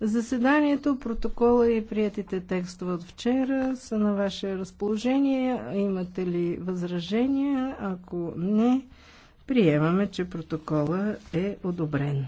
Заседанието, протокола и приятите текстове от вчера са на ваше разположение. Имате ли възражения? Ако не, приемаме, че протокола е одобрен.